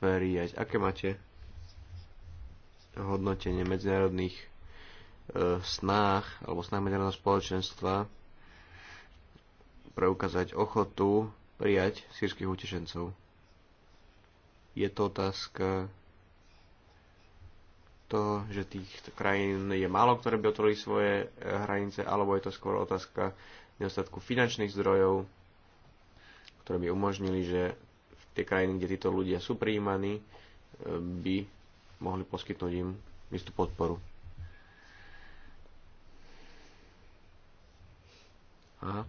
prijať. Aké máte hodnotenie medzinárodných e, snách alebo snách medzinárodného spoločenstva preukázať ochotu prijať sírskych utečencov? Je to otázka toho, že tých krajín je málo, ktoré by otvorili svoje e, hranice, alebo je to skôr otázka nedostatku finančných zdrojov, ktoré by umožnili, že tie krajiny, kde títo ľudia sú prijímaní, e, by mohli poskytnúť im istú podporu. A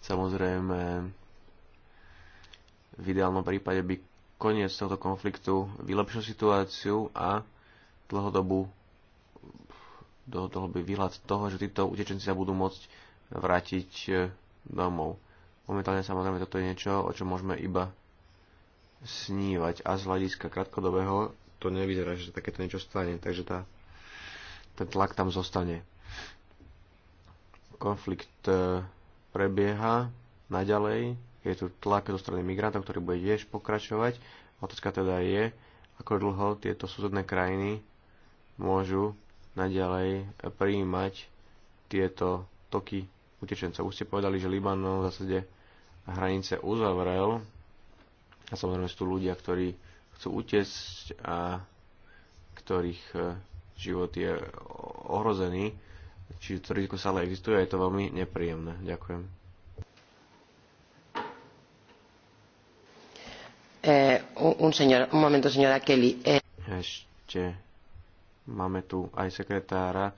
samozrejme v ideálnom prípade by koniec tohto konfliktu vylepšil situáciu a dlhodobu dohodol by výhľad toho, že títo utečenci sa budú môcť vrátiť e, domov. Momentálne samozrejme toto je niečo, o čom môžeme iba snívať a z hľadiska krátkodobého to nevyzerá, že takéto niečo stane, takže tá, ten tlak tam zostane. Konflikt e, prebieha naďalej, je tu tlak zo strany migrantov, ktorý bude tiež pokračovať. Otázka teda je, ako dlho tieto susedné krajiny môžu naďalej prijímať tieto toky utečencov. Už ste povedali, že Libanon v zásade hranice uzavrel a samozrejme sú tu ľudia, ktorí chcú utiecť a ktorých e, život je ohrozený, čiže to riziko stále existuje a je to veľmi nepríjemné. Ďakujem. Eh, un señor, un momento, señora Kelly. Eh... Ešte máme tu aj sekretára e,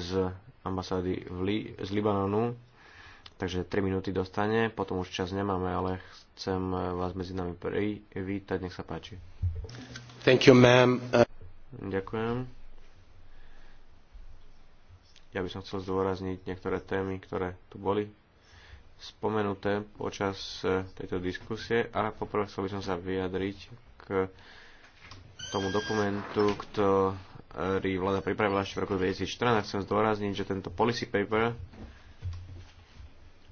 z ambasády v Li- z Libanonu Takže 3 minúty dostane, potom už čas nemáme, ale chcem vás medzi nami privítať, nech sa páči. Thank you, ma'am. Ďakujem. Ja by som chcel zdôrazniť niektoré témy, ktoré tu boli spomenuté počas eh, tejto diskusie a poprvé chcel by som sa vyjadriť k tomu dokumentu, ktorý vláda pripravila ešte v roku 2014. Chcem zdôrazniť, že tento policy paper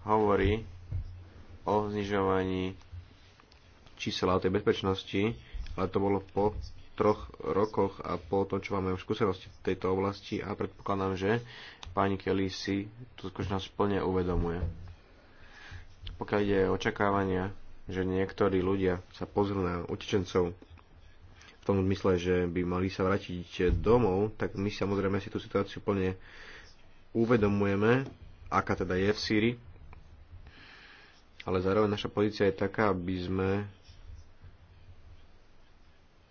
hovorí o znižovaní čísela o tej bezpečnosti, ale to bolo po troch rokoch a po tom, čo máme už skúsenosti v tejto oblasti a predpokladám, že pani Kelly si tú skúsenosť plne uvedomuje. Pokiaľ ide očakávania, že niektorí ľudia sa pozrú na utečencov v tom zmysle, že by mali sa vrátiť domov, tak my samozrejme si tú situáciu plne uvedomujeme, aká teda je v Sýrii ale zároveň naša pozícia je taká, aby sme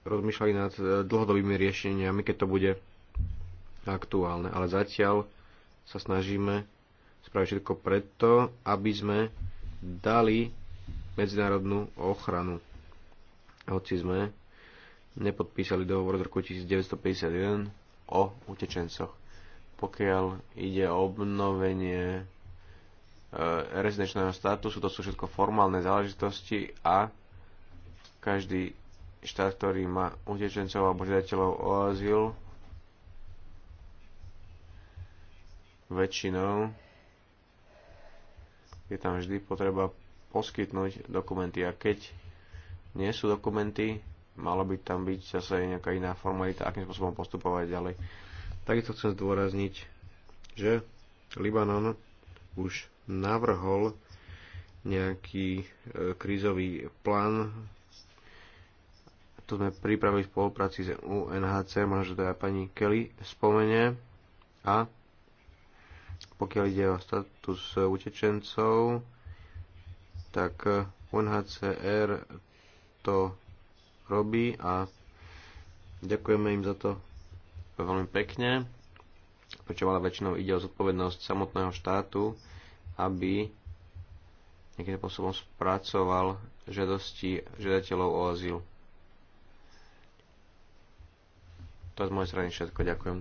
rozmýšľali nad e, dlhodobými riešeniami, keď to bude aktuálne. Ale zatiaľ sa snažíme spraviť všetko preto, aby sme dali medzinárodnú ochranu. Hoci sme nepodpísali dohovor z roku 1951 o utečencoch. Pokiaľ ide o obnovenie Eh, rezidenčného statusu, to sú všetko formálne záležitosti a každý štát, ktorý má utečencov alebo žiadateľov o azyl, väčšinou je tam vždy potreba poskytnúť dokumenty a keď nie sú dokumenty, mala by tam byť zase nejaká iná formalita, akým spôsobom postupovať ďalej. Takisto chcem zdôrazniť, že Libanon už navrhol nejaký e, krízový plán. To sme pripravili v spolupráci s UNHC, možno, že to aj pani Kelly spomenie. A pokiaľ ide o status utečencov, tak UNHCR to robí a ďakujeme im za to veľmi pekne, pričom ale väčšinou ide o zodpovednosť samotného štátu, aby nejakým spôsobom spracoval žiadosti žiadateľov o azyl. To je z mojej strany všetko. Ďakujem.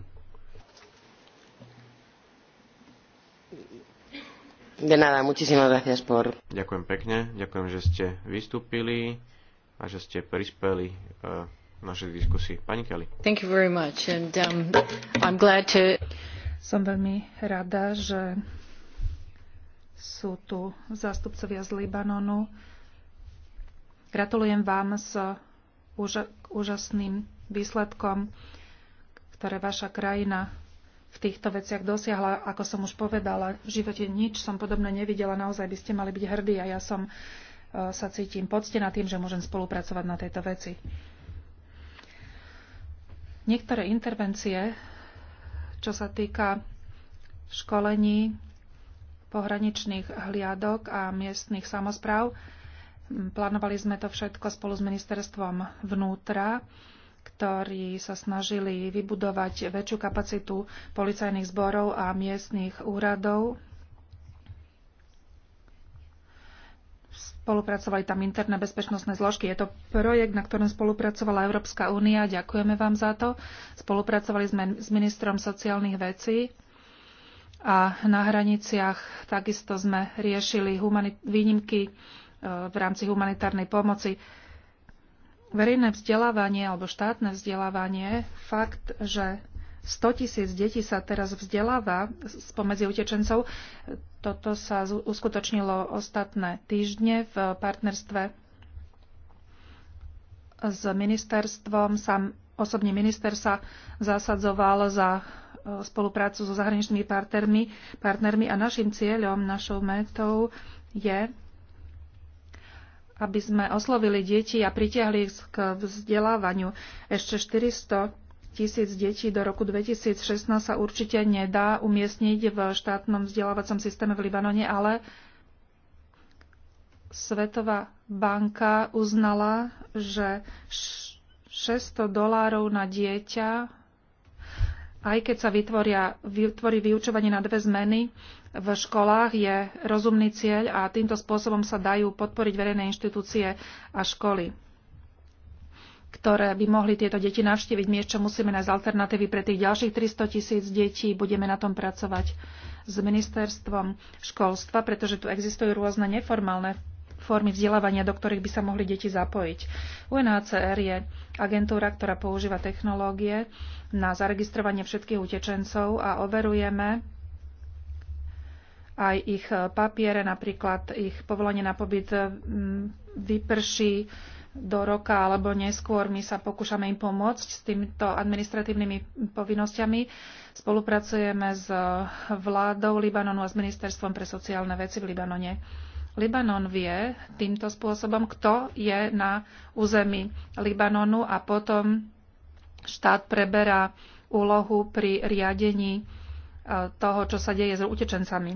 De nada, muchísimas gracias por... Ďakujem pekne, ďakujem, že ste vystúpili a že ste prispeli uh, našej diskusii. Pani Kelly. Thank you very much and um, I'm glad to... Som veľmi rada, že sú tu zástupcovia z Libanonu. Gratulujem vám s úža- úžasným výsledkom, ktoré vaša krajina v týchto veciach dosiahla. Ako som už povedala, v živote nič som podobné nevidela. Naozaj by ste mali byť hrdí a ja som e, sa cítim poctená tým, že môžem spolupracovať na tejto veci. Niektoré intervencie, čo sa týka školení, pohraničných hliadok a miestnych samozpráv. Plánovali sme to všetko spolu s ministerstvom vnútra, ktorí sa snažili vybudovať väčšiu kapacitu policajných zborov a miestnych úradov. Spolupracovali tam interné bezpečnostné zložky. Je to projekt, na ktorom spolupracovala Európska únia. Ďakujeme vám za to. Spolupracovali sme s ministrom sociálnych vecí a na hraniciach takisto sme riešili výnimky e, v rámci humanitárnej pomoci. Verejné vzdelávanie alebo štátne vzdelávanie, fakt, že 100 tisíc detí sa teraz vzdeláva spomedzi utečencov, toto sa uskutočnilo ostatné týždne v partnerstve s ministerstvom. Sám osobne minister sa zasadzoval za E, spoluprácu so zahraničnými partnermi, partnermi a našim cieľom, našou metou je, aby sme oslovili deti a pritiahli ich k vzdelávaniu. Ešte 400 tisíc detí do roku 2016 sa určite nedá umiestniť v štátnom vzdelávacom systéme v Libanone, ale Svetová banka uznala, že 600 dolárov na dieťa aj keď sa vytvoria, vytvorí vyučovanie na dve zmeny, v školách je rozumný cieľ a týmto spôsobom sa dajú podporiť verejné inštitúcie a školy ktoré by mohli tieto deti navštíviť. My ešte musíme nájsť alternatívy pre tých ďalších 300 tisíc detí. Budeme na tom pracovať s ministerstvom školstva, pretože tu existujú rôzne neformálne formy vzdelávania, do ktorých by sa mohli deti zapojiť. UNHCR je agentúra, ktorá používa technológie na zaregistrovanie všetkých utečencov a overujeme aj ich papiere, napríklad ich povolenie na pobyt vyprší do roka alebo neskôr. My sa pokúšame im pomôcť s týmito administratívnymi povinnosťami. Spolupracujeme s vládou Libanonu a s Ministerstvom pre sociálne veci v Libanone. Libanon vie týmto spôsobom, kto je na území Libanonu a potom štát preberá úlohu pri riadení e, toho, čo sa deje s utečencami.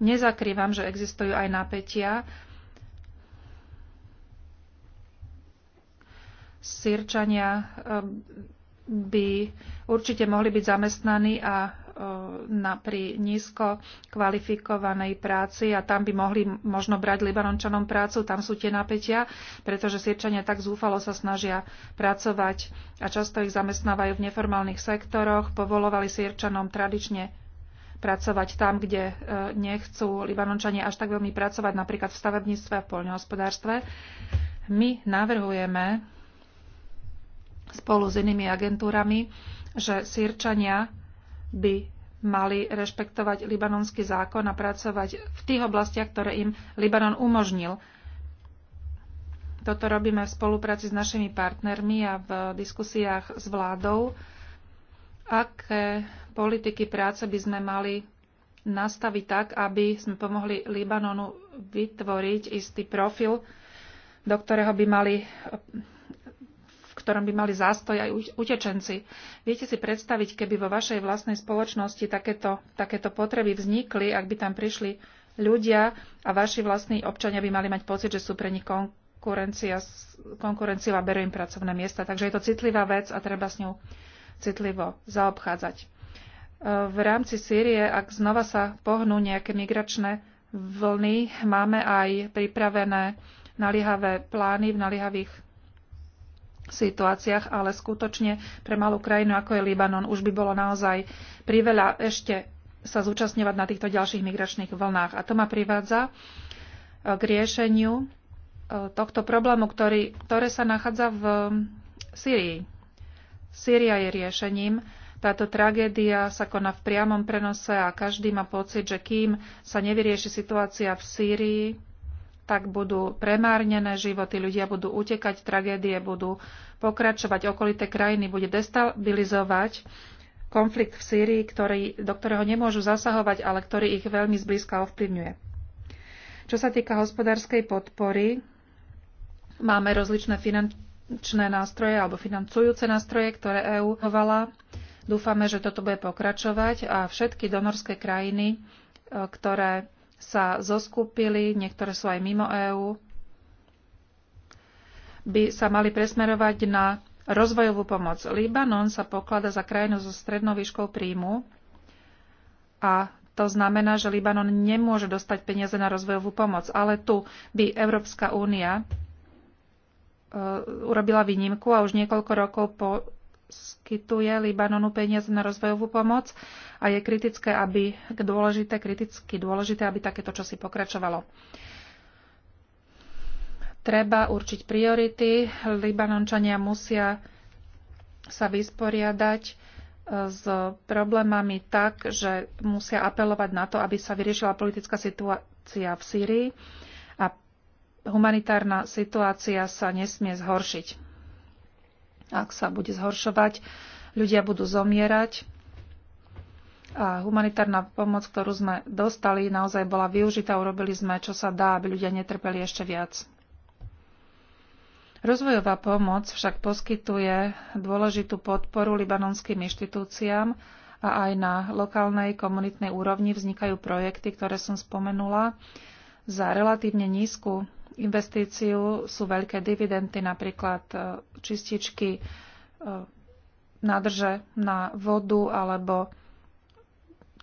Nezakrývam, že existujú aj napätia. Sýrčania e, by určite mohli byť zamestnaní a na, pri nízko kvalifikovanej práci a tam by mohli možno brať Libanončanom prácu, tam sú tie napätia, pretože Sirčania tak zúfalo sa snažia pracovať a často ich zamestnávajú v neformálnych sektoroch, povolovali Sirčanom tradične pracovať tam, kde e, nechcú Libanončania až tak veľmi pracovať, napríklad v stavebníctve a v poľnohospodárstve. My navrhujeme spolu s inými agentúrami, že Sirčania by mali rešpektovať libanonský zákon a pracovať v tých oblastiach, ktoré im Libanon umožnil. Toto robíme v spolupráci s našimi partnermi a v diskusiách s vládou. Aké politiky práce by sme mali nastaviť tak, aby sme pomohli Libanonu vytvoriť istý profil, do ktorého by mali ktorom by mali zástoj aj utečenci. Viete si predstaviť, keby vo vašej vlastnej spoločnosti takéto, takéto potreby vznikli, ak by tam prišli ľudia a vaši vlastní občania by mali mať pocit, že sú pre nich konkurencia, konkurencia a berú im pracovné miesta. Takže je to citlivá vec a treba s ňou citlivo zaobchádzať. E, v rámci Sýrie, ak znova sa pohnú nejaké migračné vlny, máme aj pripravené naliehavé plány v naliehavých situáciách, ale skutočne pre malú krajinu, ako je Libanon, už by bolo naozaj priveľa ešte sa zúčastňovať na týchto ďalších migračných vlnách. A to ma privádza e, k riešeniu e, tohto problému, ktorý, ktoré sa nachádza v e, Syrii. Sýria je riešením. Táto tragédia sa koná v priamom prenose a každý má pocit, že kým sa nevyrieši situácia v Sýrii, tak budú premárnené životy, ľudia budú utekať, tragédie budú pokračovať, okolité krajiny bude destabilizovať konflikt v Sýrii, ktorý, do ktorého nemôžu zasahovať, ale ktorý ich veľmi zblízka ovplyvňuje. Čo sa týka hospodárskej podpory, máme rozličné finančné nástroje alebo financujúce nástroje, ktoré EÚ hovala. Dúfame, že toto bude pokračovať a všetky donorské krajiny, e, ktoré sa zoskupili, niektoré sú aj mimo EÚ, by sa mali presmerovať na rozvojovú pomoc. Libanon sa poklada za krajinu so strednou výškou príjmu a to znamená, že Libanon nemôže dostať peniaze na rozvojovú pomoc, ale tu by Európska únia e, urobila výnimku a už niekoľko rokov po skytuje Libanonu peniaze na rozvojovú pomoc a je kritické, aby dôležité, kriticky dôležité, aby takéto čosi pokračovalo. Treba určiť priority. Libanončania musia sa vysporiadať e, s problémami tak, že musia apelovať na to, aby sa vyriešila politická situácia v Sýrii a humanitárna situácia sa nesmie zhoršiť ak sa bude zhoršovať, ľudia budú zomierať. A humanitárna pomoc, ktorú sme dostali, naozaj bola využitá. Urobili sme, čo sa dá, aby ľudia netrpeli ešte viac. Rozvojová pomoc však poskytuje dôležitú podporu libanonským inštitúciám a aj na lokálnej komunitnej úrovni vznikajú projekty, ktoré som spomenula, za relatívne nízku investíciu sú veľké dividendy, napríklad e, čističky, e, nádrže na vodu alebo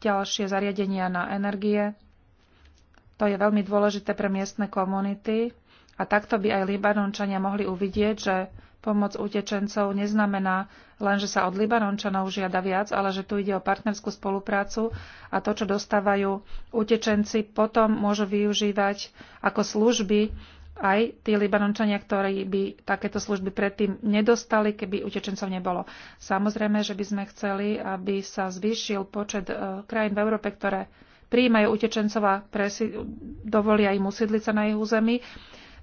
ďalšie zariadenia na energie. To je veľmi dôležité pre miestne komunity a takto by aj Libanončania mohli uvidieť, že Pomoc utečencov neznamená len, že sa od Libanončanov žiada viac, ale že tu ide o partnerskú spoluprácu a to, čo dostávajú utečenci, potom môžu využívať ako služby aj tí Libanončania, ktorí by takéto služby predtým nedostali, keby utečencov nebolo. Samozrejme, že by sme chceli, aby sa zvýšil počet e, krajín v Európe, ktoré prijímajú utečencov a presi- dovolia im usiedliť sa na ich území.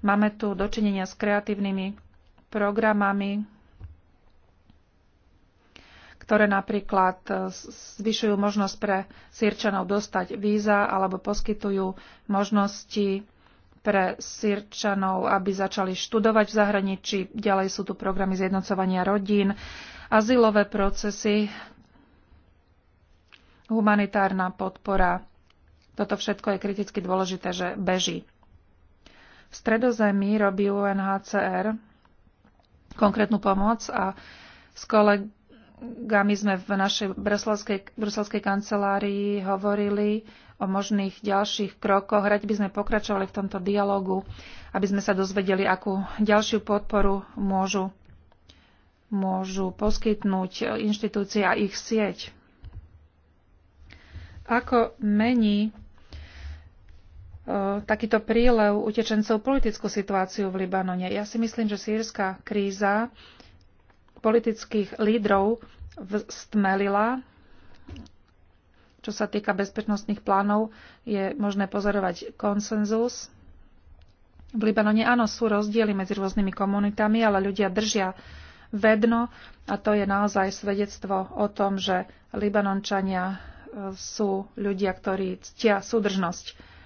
Máme tu dočinenia s kreatívnymi programami, ktoré napríklad zvyšujú možnosť pre sírčanov dostať víza alebo poskytujú možnosti pre sírčanov, aby začali študovať v zahraničí. Ďalej sú tu programy zjednocovania rodín, azylové procesy, humanitárna podpora. Toto všetko je kriticky dôležité, že beží. V stredozemí robí UNHCR konkrétnu pomoc a s kolegami sme v našej bruselskej, bruselskej kancelárii hovorili o možných ďalších krokoch. Radi by sme pokračovali v tomto dialogu, aby sme sa dozvedeli, akú ďalšiu podporu môžu, môžu poskytnúť inštitúcie a ich sieť. Ako mení Eh, takýto prílev utečencov politickú situáciu v Libanone. Ja si myslím, že sírska kríza politických lídrov stmelila. Čo sa týka bezpečnostných plánov, je možné pozorovať konsenzus. V Libanone áno, sú rozdiely medzi rôznymi komunitami, ale ľudia držia vedno a to je naozaj svedectvo o tom, že Libanončania eh, sú ľudia, ktorí ctia súdržnosť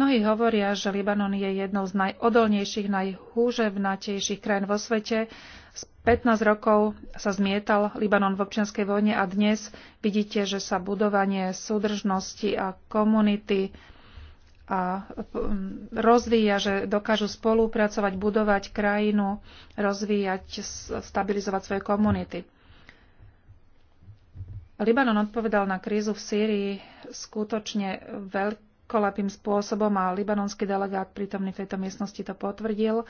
Mnohí hovoria, že Libanon je jednou z najodolnejších, najhúževnatejších krajín vo svete. Z 15 rokov sa zmietal Libanon v občianskej vojne a dnes vidíte, že sa budovanie súdržnosti a komunity a rozvíja, že dokážu spolupracovať, budovať krajinu, rozvíjať, stabilizovať svoje komunity. Libanon odpovedal na krízu v Sýrii skutočne veľký kolapým spôsobom a libanonský delegát prítomný v tejto miestnosti to potvrdil.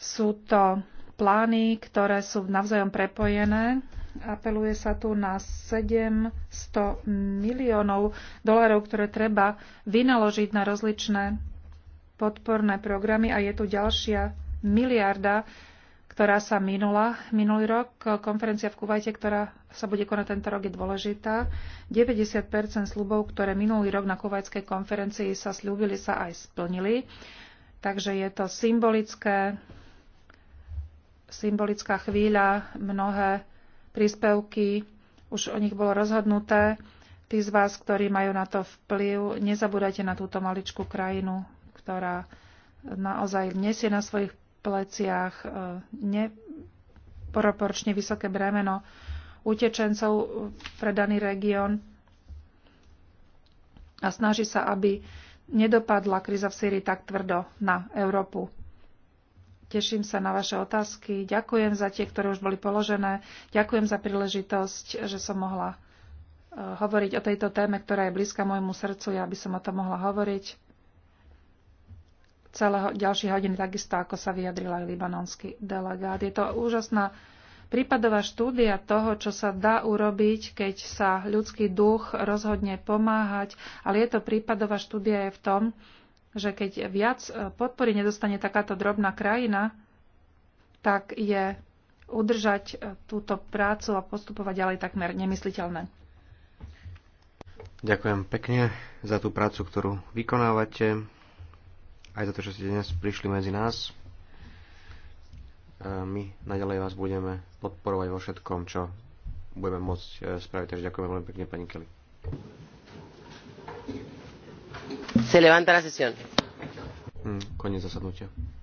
Sú to plány, ktoré sú navzájom prepojené. Apeluje sa tu na 700 miliónov dolárov, ktoré treba vynaložiť na rozličné podporné programy a je tu ďalšia miliarda ktorá sa minula minulý rok. Konferencia v Kuvajte, ktorá sa bude konať tento rok, je dôležitá. 90 slubov, ktoré minulý rok na kuvajskej konferencii sa slúbili, sa aj splnili. Takže je to symbolické, symbolická chvíľa. Mnohé príspevky, už o nich bolo rozhodnuté. Tí z vás, ktorí majú na to vplyv, nezabúdajte na túto maličkú krajinu, ktorá naozaj nesie na svojich pleciach e, neproporčne vysoké bremeno utečencov pre daný región a snaží sa, aby nedopadla kríza v Sýrii tak tvrdo na Európu. Teším sa na vaše otázky. Ďakujem za tie, ktoré už boli položené. Ďakujem za príležitosť, že som mohla e, hovoriť o tejto téme, ktorá je blízka môjmu srdcu. Ja by som o tom mohla hovoriť celého ďalšie hodiny, takisto ako sa vyjadril aj libanonský delegát. Je to úžasná prípadová štúdia toho, čo sa dá urobiť, keď sa ľudský duch rozhodne pomáhať, ale je to prípadová štúdia je v tom, že keď viac e, podpory nedostane takáto drobná krajina, tak je udržať e, túto prácu a postupovať ďalej takmer nemysliteľné. Ďakujem pekne za tú prácu, ktorú vykonávate aj za to, že ste dnes prišli medzi nás. My naďalej vás budeme podporovať vo všetkom, čo budeme môcť e, spraviť. Takže ďakujem veľmi pekne, pani Kelly. Se levanta la sesión. Hm, esa zasadnutia.